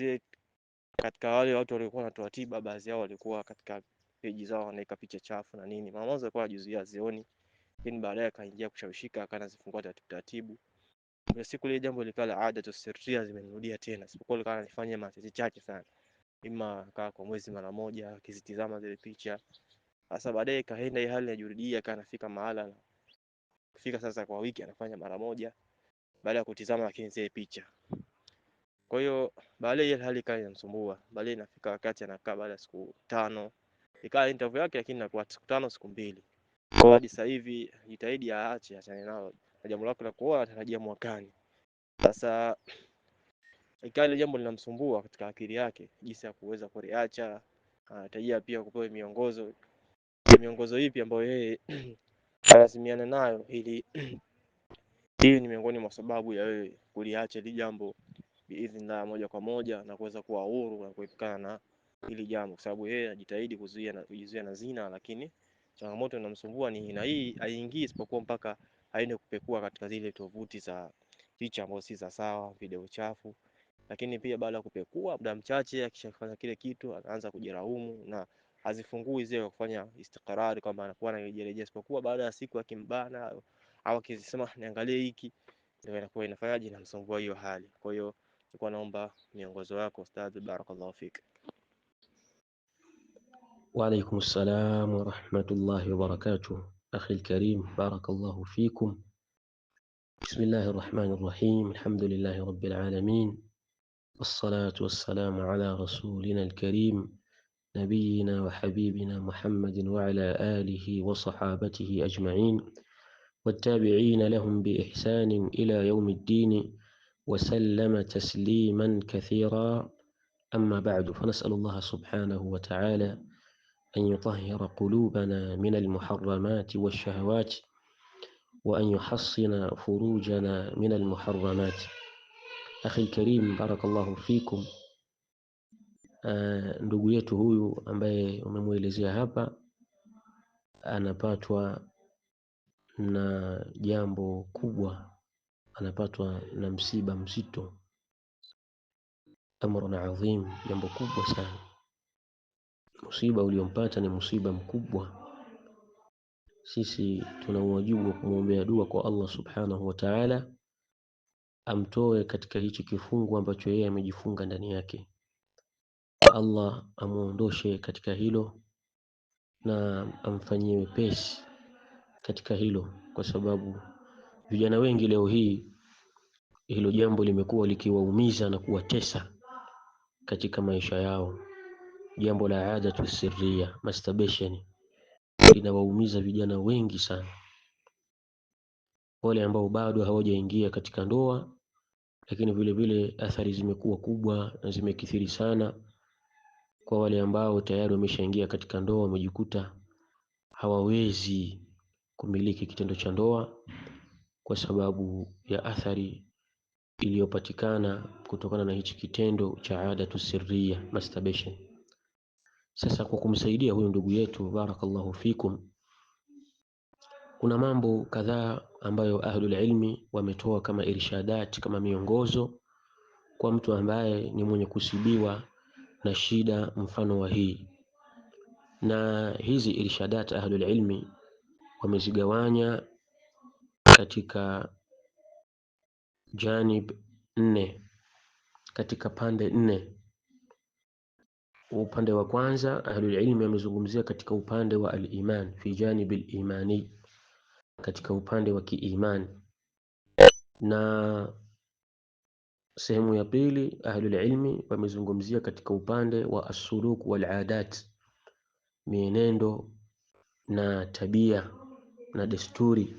zile katika wale watu waliokuwa wanatoa tiba, baadhi yao walikuwa katika peji zao wanaweka picha chafu na nini. Mama mmoja alikuwa anajizuia zioni, lakini baadaye akaingia kushawishika, akaanza zifungua taratibu taratibu. Kuna siku ile jambo likawa la ada tu, sirria zimenirudia tena, sipokuwa likawa nifanye mazoezi chache sana, ima kaa kwa mwezi mara moja akizitizama zile picha. Sasa baadaye kaenda hii hali inajirudia, kana anafika mahala kufika sasa kwa wiki anafanya mara moja baada ya kutizama lakini zile picha kwa hiyo baadaye ile hali ikawa inamsumbua. Baadaye inafika wakati anakaa baada ya siku tano. Ikawa interview yake lakini inakuwa siku tano siku mbili. Kwa hadi sasa hivi jitahidi aache achane nao Na jambo lako la kuoa atarajia mwakani. Sasa ikawa ile jambo linamsumbua katika akili yake jinsi ya kuweza kuliacha. Anatarajia pia kupewa miongozo. Miongozo ipi ambayo yeye alazimiana nayo ili hii ni miongoni mwa sababu ya wewe kuliacha hili jambo biidhnillah moja kwa moja na kuweza kuwa huru na kuepukana na hili jambo, kwa sababu yeye anajitahidi kuzuia na kujizuia na zina, lakini changamoto inamsumbua ni na hii haiingii isipokuwa mpaka aende kupekua katika zile tovuti za picha ambazo si za sawa, video chafu. Lakini pia baada ya kupekua muda mchache, akishafanya kile kitu anaanza kujiraumu na hazifungui zile kwa kufanya istiqrari kwamba anakuwa anajirejea, isipokuwa baada ya siku akimbana au akisema niangalie hiki, ndio inakuwa inafanyaje, inamsumbua hiyo hali. Kwa hiyo Nilikuwa naomba miongozo wako ustadhi, barakallahu fik. وعليكم السلام ورحمة الله وبركاته أخي الكريم بارك الله فيكم بسم الله الرحمن الرحيم الحمد لله رب العالمين والصلاة والسلام على رسولنا الكريم نبينا وحبيبنا محمد وعلى آله وصحابته أجمعين والتابعين لهم بإحسان إلى يوم الدين وسلم تسليما كثيرا أما بعد فنسأل الله سبحانه وتعالى أن يطهر قلوبنا من المحرمات والشهوات وأن يحصن فروجنا من المحرمات أخي الكريم بارك الله فيكم Uh, ndugu yetu huyu ambaye umemwelezea hapa anapatwa na jambo kubwa anapatwa na msiba mzito, amrun adhim, jambo kubwa sana. Musiba uliompata ni musiba mkubwa. Sisi tuna wajibu wa kumwombea dua kwa Allah subhanahu wa ta'ala, amtoe katika hichi kifungo ambacho yeye amejifunga ndani yake. Allah amuondoshe katika hilo na amfanyie wepesi katika hilo, kwa sababu Vijana wengi leo hii hilo jambo limekuwa likiwaumiza na kuwatesa katika maisha yao. Jambo la adatu sirria, masturbation, linawaumiza vijana wengi sana, wale ambao bado hawajaingia katika ndoa, lakini vile vile athari zimekuwa kubwa na zimekithiri sana kwa wale ambao tayari wameshaingia katika ndoa, wamejikuta hawawezi kumiliki kitendo cha ndoa kwa sababu ya athari iliyopatikana kutokana na hichi kitendo cha adatu sirriya masturbation. Sasa kwa kumsaidia huyu ndugu yetu, barakallahu fikum, kuna mambo kadhaa ambayo ahlul ilmi wametoa kama irshadat, kama miongozo kwa mtu ambaye ni mwenye kusibiwa na shida mfano wa hii, na hizi irshadat ahlul ilmi wamezigawanya katika janib nne, katika pande nne. Upande wa kwanza ahlulilmi amezungumzia katika upande wa aliman, fi janibi alimani, katika upande wa kiimani, na sehemu ya pili ahlulilmi wamezungumzia katika upande wa asuluk waladat, mienendo na tabia na desturi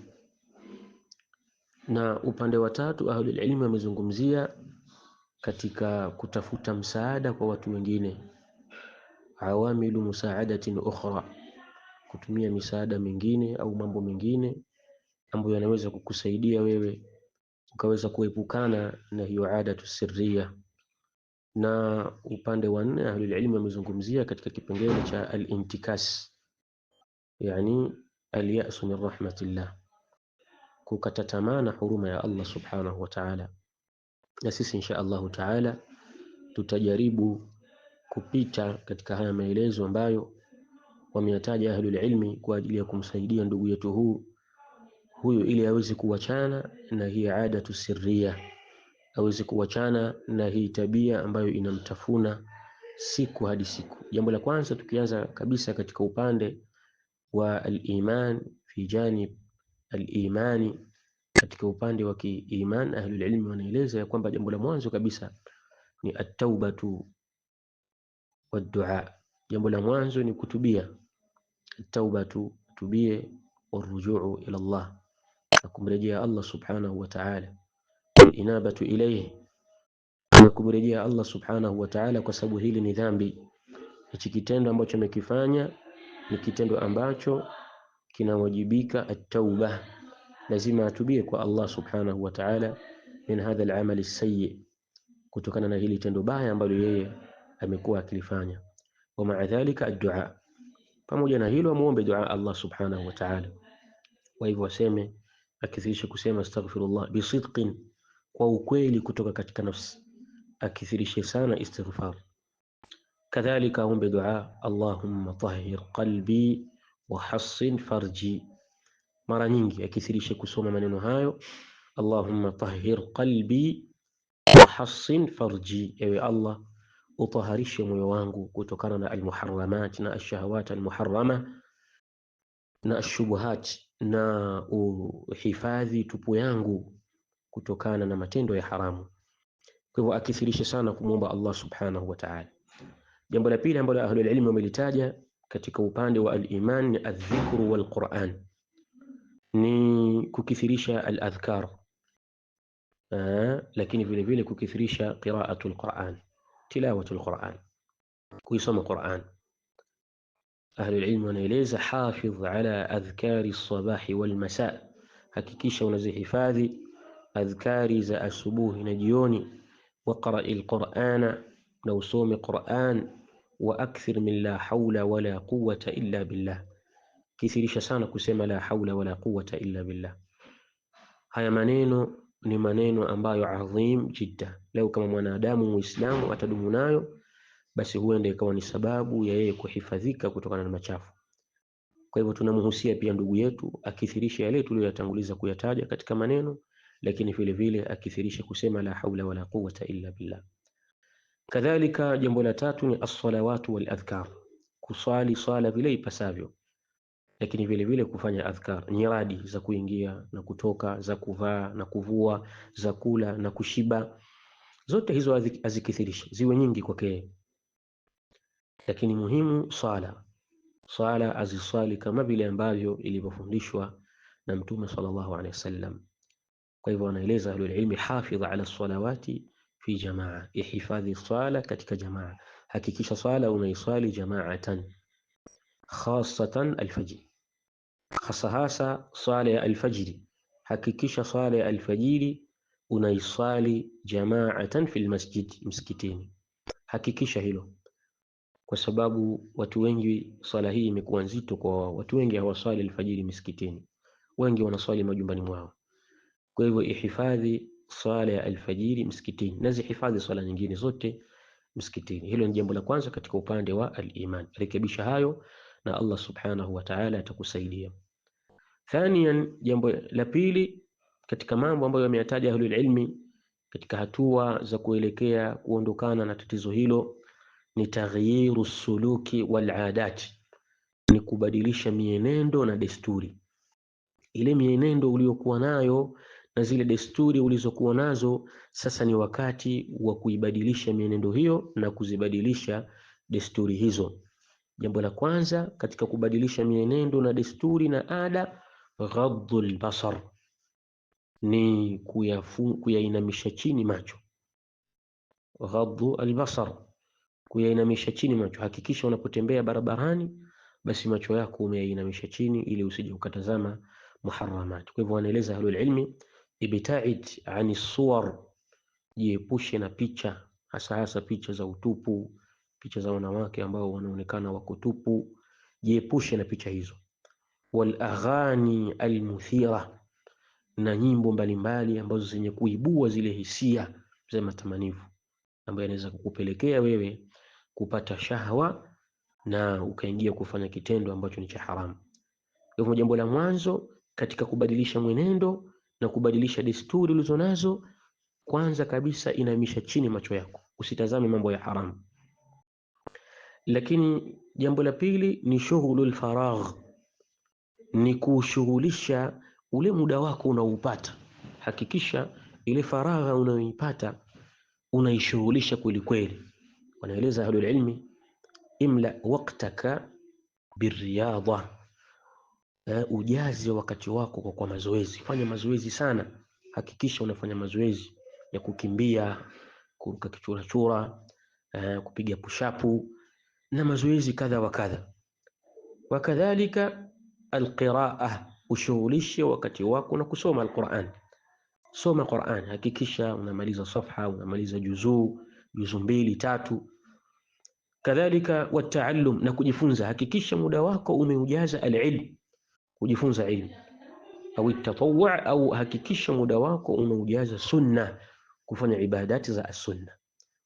na upande wa tatu ahlul ilmi wamezungumzia katika kutafuta msaada kwa watu wengine, awamilu musaadatin ukhra, kutumia misaada mingine au mambo mengine ambayo yanaweza kukusaidia wewe ukaweza kuepukana na hiyo adatu sirriya. Na upande wa nne ahlul ilmi wamezungumzia katika kipengele cha alintikas, yani alyasu min rahmatillah kukata tamaa na huruma ya Allah subhanahu wa ta'ala. Na sisi insha Allahu taala tutajaribu kupita katika haya maelezo ambayo wameyataja ahlul ilmi kwa ajili ya kumsaidia ndugu yetu huu huyu ili aweze kuwachana na hii ada tusiria, aweze kuwachana na hii tabia ambayo inamtafuna siku hadi siku. Jambo la kwanza tukianza kabisa katika upande wa al-iman fi janib al-imani. Katika upande wa kiiman, ahlul ilmi wanaeleza ya kwamba jambo la mwanzo kabisa ni at tu wa dua jambo la mwanzo ni kutubia. at tu tubie, warujuu ila Allah, na kumrejea Allah subhanahu wa ta'ala, inabatu ilayhi, na kumrejea Allah subhanahu wa ta'ala, kwa sababu hili ni dhambi. Hichi kitendo ambacho amekifanya ni kitendo ambacho kinawajibika at-tauba, lazima atubie kwa Allah subhanahu wa ta'ala min hadha al-amal sayyi kutokana na hili tendo baya ambalo yeye amekuwa akilifanya. Wa ma'a dhalika ad-du'a, pamoja na hilo amuombe dua Allah subhanahu wa ta'ala. Kwa hivyo aseme, akithirishe kusema astaghfirullah bisidqin, kwa ukweli kutoka katika nafsi, akithirishe sana istighfar. Kadhalika aombe dua Allahumma tahhir qalbi hassin farji, mara nyingi akithirishe kusoma maneno hayo, Allahumma tahhir qalbi hassin farji, ewe Allah utaharishe moyo wangu kutokana na almuharramat na ashahawat almuharrama na ashubuhat, na uhifadhi tupu yangu kutokana na matendo ya haramu. Kwa hivyo akithirishe sana kumwomba Allah subhanahu wa ta'ala. Jambo la pili ambalo ahlul ilmi wamelitaja katika upande wa al-iman ni adh-dhikru wal Qur'an, ni kukithirisha al-adhkar, lakini vile vile kukithirisha qira'atul Qur'an, tilawatul Qur'an, kuisoma Qur'an. Ahlul ilm wanaeleza hafidh ala adhkari as-sabahi wal masa, hakikisha unazihifadhi adhkari za asubuhi na jioni, waqra'il Qur'ana, na usome Qur'an wa akthir min la haula wala quwwata illa billah, kithirisha sana kusema la haula wala quwwata illa billah. Haya maneno ni maneno ambayo adhim jidda. Leo kama mwanadamu muislamu atadumu nayo, basi huenda ikawa ni sababu ya yeye kuhifadhika kutokana na machafu. Kwa hivyo tunamhusia pia ndugu yetu akithirisha yale tuliyoyatanguliza kuyataja katika maneno, lakini vile vile akithirisha kusema la haula wala quwwata illa billah. Kadhalika, jambo la tatu ni as-salawatu wal adhkar, kuswali swala vile ipasavyo, lakini vile vile kufanya adhkar, nyiradi za kuingia na kutoka, za kuvaa na kuvua, za kula na kushiba, zote hizo azikithirishe, ziwe nyingi kwake, lakini muhimu swala swala aziswali kama vile ambavyo ilivyofundishwa na Mtume sallallahu alaihi wasallam. Kwa hivyo, anaeleza ahlulilmi, hafidh ala salawati fi jamaa, ihifadhi swala katika jamaa, hakikisha swala unaiswali jamaatan, khasatan alfajiri, hasa hasa swala ya alfajiri. Hakikisha swala ya alfajiri unaiswali jamaatan fil masjid, msikitini. Hakikisha hilo kwa sababu watu wengi swala hii imekuwa nzito kwa wao. Watu wengi hawaswali alfajiri misikitini, wengi wanaswali majumbani mwao. Kwa hivyo ihifadhi swala ya alfajiri msikitini na zihifadhi swala nyingine zote msikitini. Hilo ni jambo la kwanza katika upande wa al-iman. Rekebisha hayo na Allah subhanahu wa ta'ala atakusaidia. Thanian, jambo la pili katika mambo ambayo yameyataja ahlul ilmi katika hatua za kuelekea kuondokana na tatizo hilo ni taghyiru suluki wal adat, ni kubadilisha mienendo na desturi. Ile mienendo uliyokuwa nayo na zile desturi ulizokuwa nazo, sasa ni wakati wa kuibadilisha mienendo hiyo na kuzibadilisha desturi hizo. Jambo la kwanza katika kubadilisha mienendo na desturi na ada, ghadhul basar, ni kuyafu, kuyainamisha chini macho. Ghadhu albasar, kuyainamisha chini macho. Hakikisha unapotembea barabarani, basi macho yako umeyainamisha chini, ili usije ukatazama muharramat. Kwa hivyo wanaeleza ahlul ilmi ibtaid ani suwar, jiepushe na picha, hasa hasa picha za utupu, picha za wanawake ambao wanaonekana wako tupu, jiepushe na picha hizo. Wal aghani almuthira, na nyimbo mbalimbali ambazo zenye kuibua zile hisia za matamanivu ambayo yanaweza kukupelekea wewe kupata shahwa na ukaingia kufanya kitendo ambacho ni cha haramu. hivyo jambo la mwanzo katika kubadilisha mwenendo na kubadilisha desturi ulizonazo, kwanza kabisa inamisha chini macho yako, usitazame mambo ya haramu. Lakini jambo la pili ni shughulul faragh, ni kushughulisha ule muda wako unaoupata. Hakikisha ile faragha unayoipata unaishughulisha kweli kweli. Wanaeleza ahlul ilmi, imla waqtaka biriyadha eh, ujaze wakati wako kwa, kwa mazoezi. Fanya mazoezi sana, hakikisha unafanya mazoezi ya kukimbia, kuruka kichurachura, eh, kupiga pushapu na mazoezi kadha wa kadha. Wakadhalika alqiraa, ushughulishe wakati wako na kusoma Alquran. Soma Quran, hakikisha unamaliza safha, unamaliza juzuu juzu mbili tatu. Kadhalika wataalum, na kujifunza, hakikisha muda wako umeujaza alilm kujifunza ilmu au tatawwa au hakikisha muda wako unaujaza sunna, kufanya ibadati za sunna.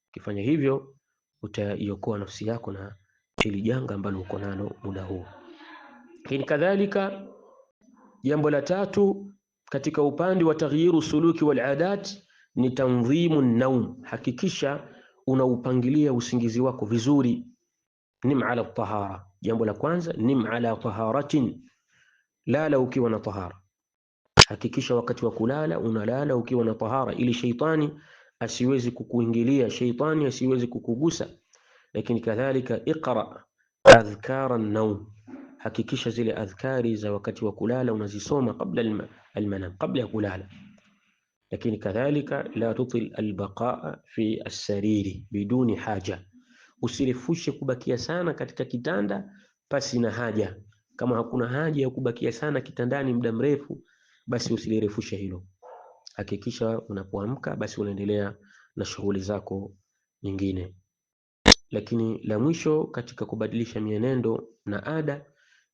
Ukifanya hivyo utaiokoa nafsi yako na hili janga ambalo uko nalo muda huu. Lakini kadhalika, jambo la tatu katika upande wa taghyiru suluki wal adat ni tanzimu naum, hakikisha unaupangilia usingizi wako vizuri. Nim ala tahara, jambo la kwanza nim ala taharatin lala ukiwa na tahara. Hakikisha wakati wa kulala unalala ukiwa na tahara, ili sheitani asiwezi kukuingilia, sheitani asiwezi kukugusa. Lakini kadhalika iqra adhkara naum, hakikisha zile adhkari za wakati wa kulala unazisoma qabla almanam, qabla ya kulala. Lakini kadhalika la tutil albaqaa fi asariri biduni haja, usirefushe kubakia sana katika kitanda pasi na haja. Kama hakuna haja ya kubakia sana kitandani muda mrefu, basi usilirefushe hilo. Hakikisha unapoamka basi unaendelea na shughuli zako nyingine. Lakini la mwisho katika kubadilisha mienendo na ada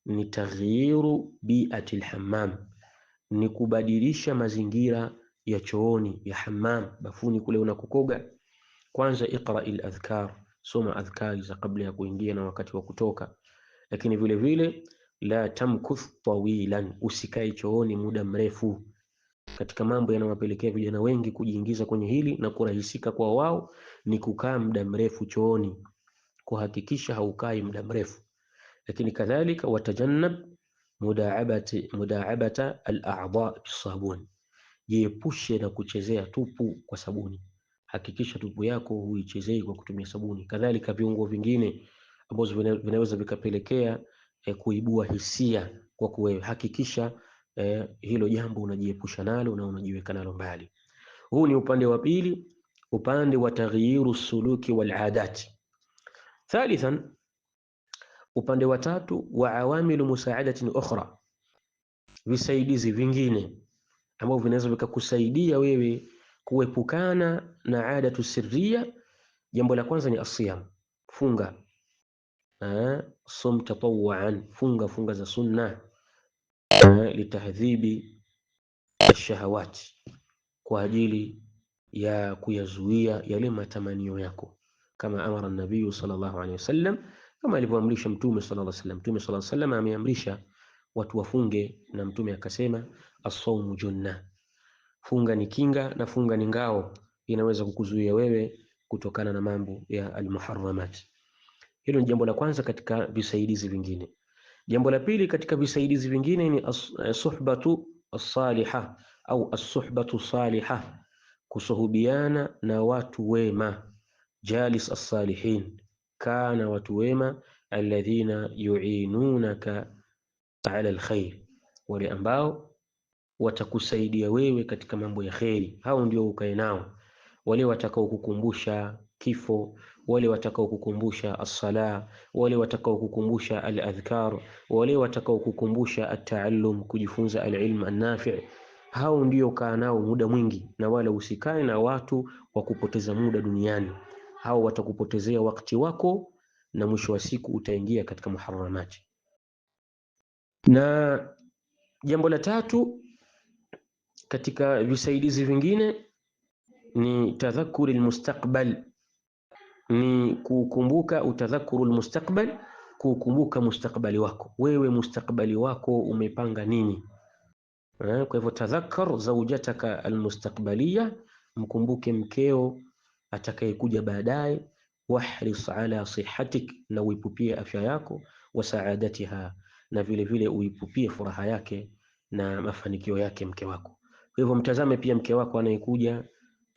ni taghyiru bi'ati alhammam, ni kubadilisha mazingira ya chooni, ya hammam, bafuni kule unakokoga. Kwanza iqra al adhkar, soma adhkari za kabla ya kuingia na wakati wa kutoka, lakini vile vile la tamkuth tawilan, usikae chooni muda mrefu. Katika mambo yanayowapelekea vijana wengi kujiingiza kwenye hili na kurahisika kwa wao ni kukaa muda mrefu chooni, kuhakikisha haukai muda mrefu. Lakini kadhalika watajannab mudaabati mudaabata al-a'dha bisabuni, jiepushe na kuchezea tupu kwa sabuni. Hakikisha tupu yako huichezei kwa kutumia sabuni. Kadhalika viungo vingine ambazo vinaweza vikapelekea eh, kuibua hisia kwa kuhakikisha eh, hilo jambo unajiepusha nalo na unajiweka nalo mbali. Huu ni upande wa pili, upande wa taghyiru suluki wal adati. Thalithan, upande wa tatu wa awamilu musaadatin ukhra, visaidizi vingine ambavyo vinaweza vikakusaidia wewe kuepukana na adatu sirria. Jambo la kwanza ni asiyam, funga. Aa, eh, som tatawaan, funga funga za sunna eh, litahdhibi shahawati, kwa ajili ya kuyazuia yale matamanio yako, kama amara nabiyu sallallahu alayhi wasallam, kama alivyoamrisha mtume sallallahu alayhi wasallam. Mtume sallallahu alayhi wasallam ameamrisha watu wafunge, na mtume akasema as-sawmu junna, funga ni kinga na funga ni ngao, inaweza kukuzuia wewe kutokana na mambo ya almuharramat. Hilo ni jambo la kwanza katika visaidizi vingine. Jambo la pili katika visaidizi vingine ni eh, suhbatu as-saliha au as-suhbatu saliha, kusuhubiana na watu wema. Jalis as-salihin, kana watu wema. Alladhina yuinunaka ala alkhair, wale ambao watakusaidia wewe katika mambo ya kheri, hao ndio ukae nao. Wale watakaokukumbusha kifo wale watakaokukumbusha as-sala, wale watakaokukumbusha al-adhkar, wale watakaokukumbusha at-taallum, kujifunza al-ilm an-nafi'. Hao ndio kaa nao muda mwingi, na wala usikae na watu wa kupoteza muda duniani. Hao watakupotezea wakati wako, na mwisho wa siku utaingia katika muharamati Na jambo la tatu katika visaidizi vingine ni tadhakuri almustaqbal ni kukumbuka utadhakuru lmustaqbal kukumbuka mustakbali wako wewe, mustakbali wako umepanga nini? Eh, kwa hivyo tadhakkar zaujataka almustaqbaliya mkumbuke mkeo atakayekuja baadaye. Wahris ala sihatik, na uipupie afya yako, wa saadatiha, na vile vile uipupie furaha yake na mafanikio yake mke wako. Kwa hivyo mtazame pia mke wako anayekuja,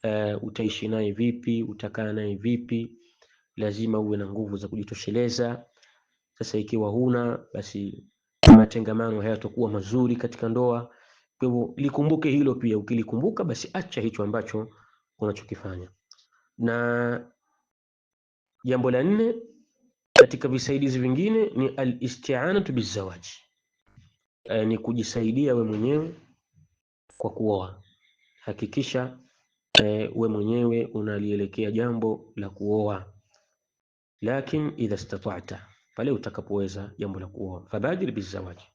uh, utaishi naye vipi? Utakaa naye vipi? lazima uwe na nguvu za kujitosheleza. Sasa ikiwa huna, basi matengamano hayatakuwa mazuri katika ndoa. Kwa hivyo likumbuke hilo pia, ukilikumbuka basi acha hicho ambacho unachokifanya. Na jambo la nne katika visaidizi vingine ni alistianatu bizawaji, e, eh, ni kujisaidia we mwenyewe kwa kuoa. Hakikisha e, we mwenyewe unalielekea jambo la kuoa lakin idha istata'ta, pale utakapoweza jambo la kuoa, fabadir bizawaji,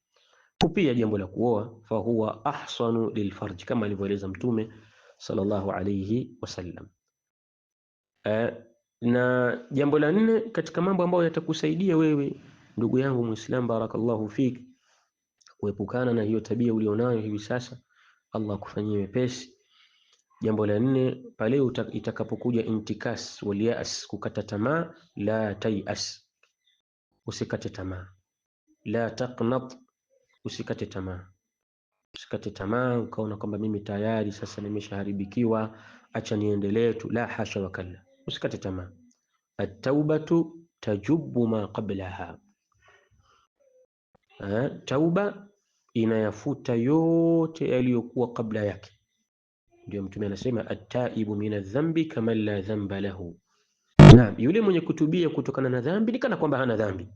pia jambo la kuoa, fahuwa ahsanu lilfarji, kama alivyoeleza Mtume sallallahu alayhi wasallam. E, na jambo la nne katika mambo ambayo yatakusaidia wewe ndugu yangu Muislam, barakallahu fik, kuepukana na hiyo tabia ulionayo hivi sasa, Allah akufanyie wepesi Jambo la nne, pale itakapokuja intikas wal kukata tamaa. La tayas, usikate tamaa. La taqnat, usikate tamaa. Usikate tamaa ukaona kwamba mimi tayari sasa nimeshaharibikiwa, acha niendelee tu. La hasha wakalla, usikate tamaa. At-taubatu tajubu ma qablaha, eh, tauba inayafuta yote yaliyokuwa kabla yake ndio Mtume anasema ataibu min adhambi kama la dhamba lahu, naam, yule mwenye kutubia kutokana na dhambi ni kana kwamba hana dhambi.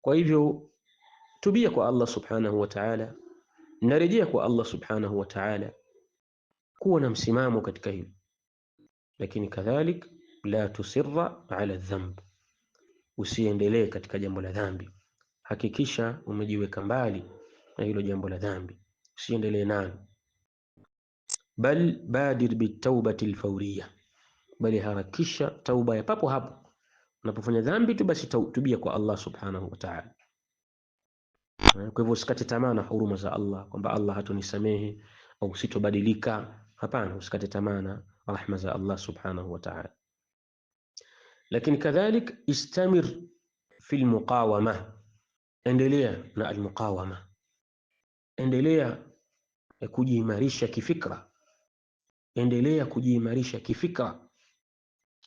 Kwa hivyo tubia kwa Allah subhanahu wa ta'ala, narejea kwa Allah subhanahu wa ta'ala, kuwa na msimamo katika hilo, lakini kadhalik la tusirra ala dhanb, usiendelee katika jambo la dhambi. Hakikisha umejiweka mbali na hilo jambo la dhambi, usiendelee nalo bal badir bitawbati lfauria, bali harakisha tauba ya papo hapo. Unapofanya dhambi tu basi tubia kwa Allah subhanahu wa ta'ala. Eh, kwa hivyo usikate tamaa na huruma za Allah kwamba Allah hatunisamehe au sitobadilika. Hapana, usikate tamaa na rahma za Allah subhanahu wa ta'ala. Lakini kadhalik istamir fi lmuqawama, endelea na almuqawama, endelea eh, kujiimarisha kifikra endelea kujiimarisha kifikra.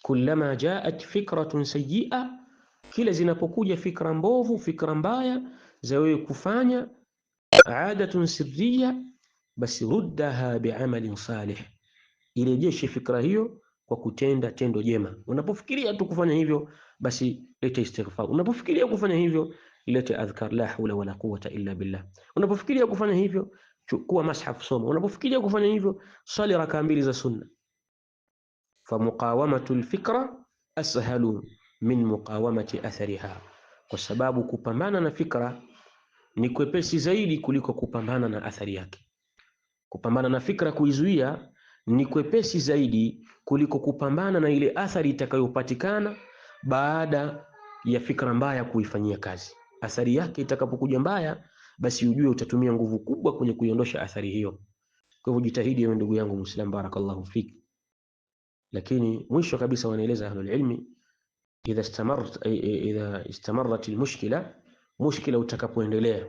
kullama jaat fikratun sayyi'a, kila zinapokuja fikra mbovu, fikra mbaya za wewe kufanya adatun sirriya, basi ruddaha biamalin salih, irejeshe fikra hiyo kwa kutenda tendo jema. Unapofikiria tu kufanya hivyo, basi lete istighfar. Unapofikiria kufanya hivyo, lete adhkar la hawla wala quwwata illa billah. Unapofikiria kufanya hivyo chukua mashaf soma. Unapofikiria kufanya hivyo, swali rakaa mbili za sunna. Famuqawamatu lfikra ashalu min muqawamati athariha, kwa sababu kupambana na fikra ni kwepesi zaidi kuliko kupambana na athari yake. Kupambana na fikra kuizuia ni kwepesi zaidi kuliko kupambana na ile athari itakayopatikana baada ya fikra mbaya kuifanyia kazi. Athari yake itakapokuja mbaya basi ujue utatumia nguvu kubwa kwenye kuiondosha athari hiyo. Kwa hivyo jitahidi, ewe ndugu yangu Muislam, barakallahu fik. Lakini mwisho kabisa wanaeleza ahlul ilmi, idha istamarat eh, eh, idha istamarat almushkila, mushkila utakapoendelea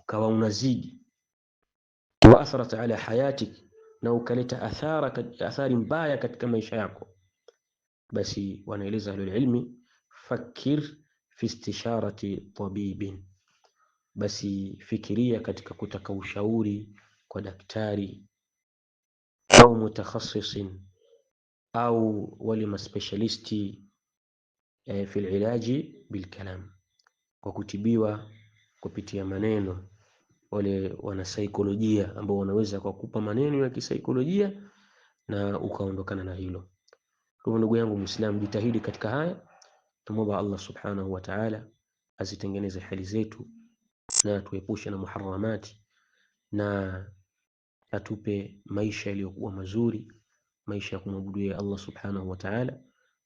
ukawa unazidi, wa atharat ala hayatik, na ukaleta athara athari mbaya katika maisha yako, basi wanaeleza ahlul ilmi, fakir fi istisharati tabibin basi fikiria katika kutaka ushauri kwa daktari au mutakhasisin au wale maspecialisti eh, fi ilaji bilkalam, kwa kutibiwa kupitia maneno, wale wanasaikolojia ambao wanaweza kwa kupa maneno ya kisaikolojia na ukaondokana na hilo. Kwa ndugu yangu Muislamu, jitahidi katika haya. tumomba Allah subhanahu wa ta'ala azitengeneze hali zetu. na tuepushe na muharamati na atupe maisha yaliyokuwa mazuri, maisha ya kumwabudu ya Allah subhanahu wa ta'ala,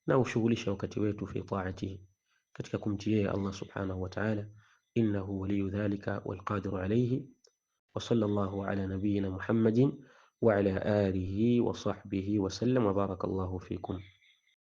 na ushughulisha wakati wetu fi taatihi, katika kumtii yeye Allah subhanahu wa ta'ala. Innahu waliyu dhalika walqadiru alayhi wa sallallahu ala nabiyyina Muhammadin wa ala alihi wa sahbihi wa sallam wa barakallahu fikum.